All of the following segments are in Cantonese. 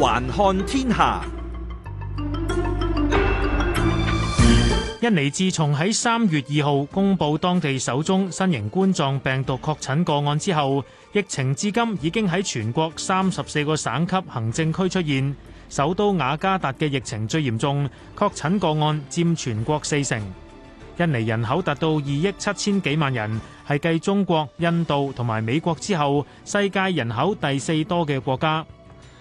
環看天下，印尼自從喺三月二號公布當地首宗新型冠狀病毒確診個案之後，疫情至今已經喺全國三十四個省級行政區出現。首都雅加達嘅疫情最嚴重，確診個案占全國四成。印尼人口達到二億七千幾萬人，係繼中國、印度同埋美國之後，世界人口第四多嘅國家。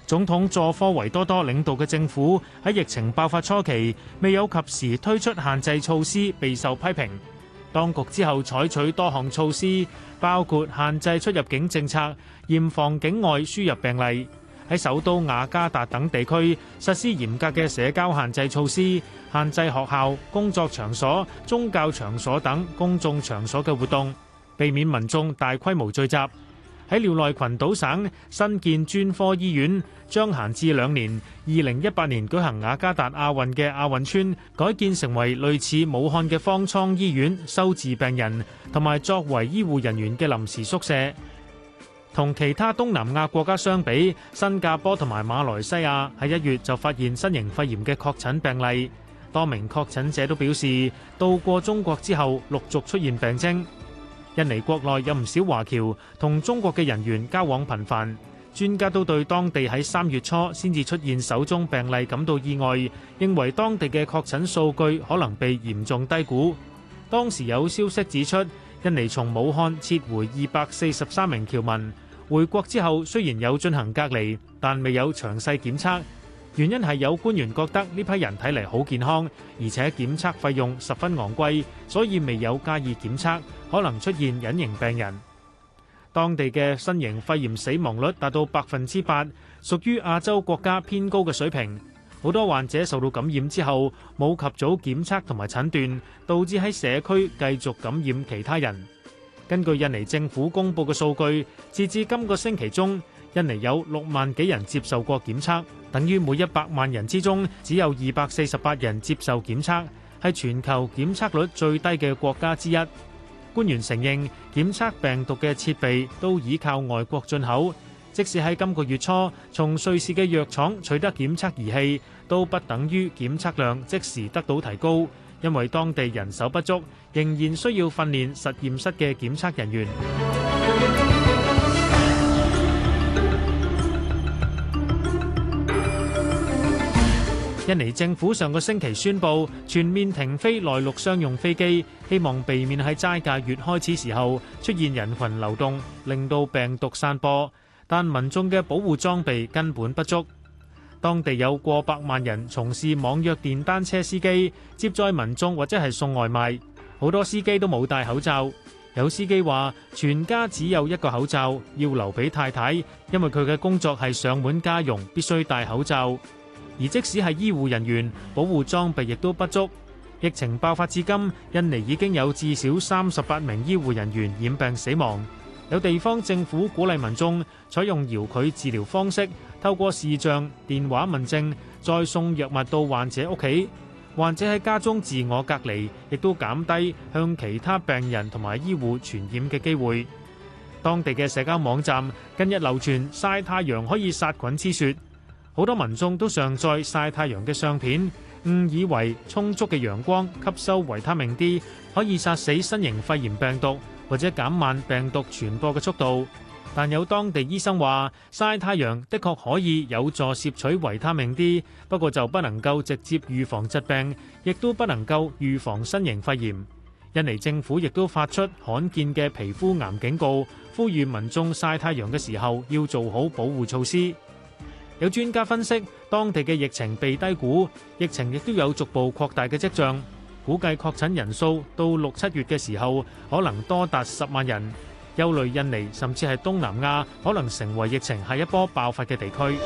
總統佐科維多多領導嘅政府喺疫情爆發初期未有及時推出限制措施，備受批評。當局之後採取多項措施，包括限制出入境政策，嚴防境外輸入病例；喺首都雅加達等地區實施嚴格嘅社交限制措施，限制學校、工作場所、宗教場所等公眾場所嘅活動，避免民眾大規模聚集。喺廖內群島省新建專科醫院將閒置兩年，二零一八年舉行雅加達亞運嘅亞運村改建成為類似武漢嘅方艙醫院，收治病人同埋作為醫護人員嘅臨時宿舍。同其他東南亞國家相比，新加坡同埋馬來西亞喺一月就發現新型肺炎嘅確診病例，多名確診者都表示到過中國之後陸續出現病徵。印尼國內有唔少華僑同中國嘅人員交往頻繁，專家都對當地喺三月初先至出現首宗病例感到意外，認為當地嘅確診數據可能被嚴重低估。當時有消息指出，印尼從武漢撤回二百四十三名僑民，回國之後雖然有進行隔離，但未有詳細檢測。原因係有官員覺得呢批人睇嚟好健康，而且檢測費用十分昂貴，所以未有加以檢測，可能出現隱形病人。當地嘅新型肺炎死亡率達到百分之八，屬於亞洲國家偏高嘅水平。好多患者受到感染之後冇及早檢測同埋診斷，導致喺社區繼續感染其他人。根據印尼政府公布嘅數據，截至今個星期中，印尼有六萬幾人接受過檢測。等於每一百萬人之中只有二百四十八人接受檢測，係全球檢測率最低嘅國家之一。官員承認，檢測病毒嘅設備都倚靠外國進口。即使喺今個月初從瑞士嘅藥廠取得檢測儀器，都不等於檢測量即時得到提高，因為當地人手不足，仍然需要訓練實驗室嘅檢測人員。印尼政府上個星期宣布全面停飛內陸商用飛機，希望避免喺齋戒月開始時候出現人群流動，令到病毒散播。但民眾嘅保護裝備根本不足，當地有過百萬人從事網約電單車司機、接載民眾或者係送外賣，好多司機都冇戴口罩。有司機話，全家只有一個口罩要留俾太太，因為佢嘅工作係上門家傭，必須戴口罩。而即使係醫護人員，保護裝備亦都不足。疫情爆發至今，印尼已經有至少三十八名醫護人員染病死亡。有地方政府鼓勵民眾採用遙距治療方式，透過視像、電話問症，再送藥物到患者屋企。患者喺家中自我隔離，亦都減低向其他病人同埋醫護傳染嘅機會。當地嘅社交網站近日流傳曬太陽可以殺菌之説。好多民眾都上載曬太陽嘅相片，誤以為充足嘅陽光吸收維他命 D 可以殺死新型肺炎病毒或者減慢病毒傳播嘅速度。但有當地醫生話曬太陽的確可以有助攝取維他命 D，不過就不能夠直接預防疾病，亦都不能夠預防新型肺炎。印尼政府亦都發出罕見嘅皮膚癌警告，呼籲民眾曬太陽嘅時候要做好保護措施。有專家分析，當地嘅疫情被低估，疫情亦都有逐步擴大嘅跡象。估計確診人數到六七月嘅時候，可能多達十萬人。憂慮印尼，甚至係東南亞，可能成為疫情下一波爆發嘅地區。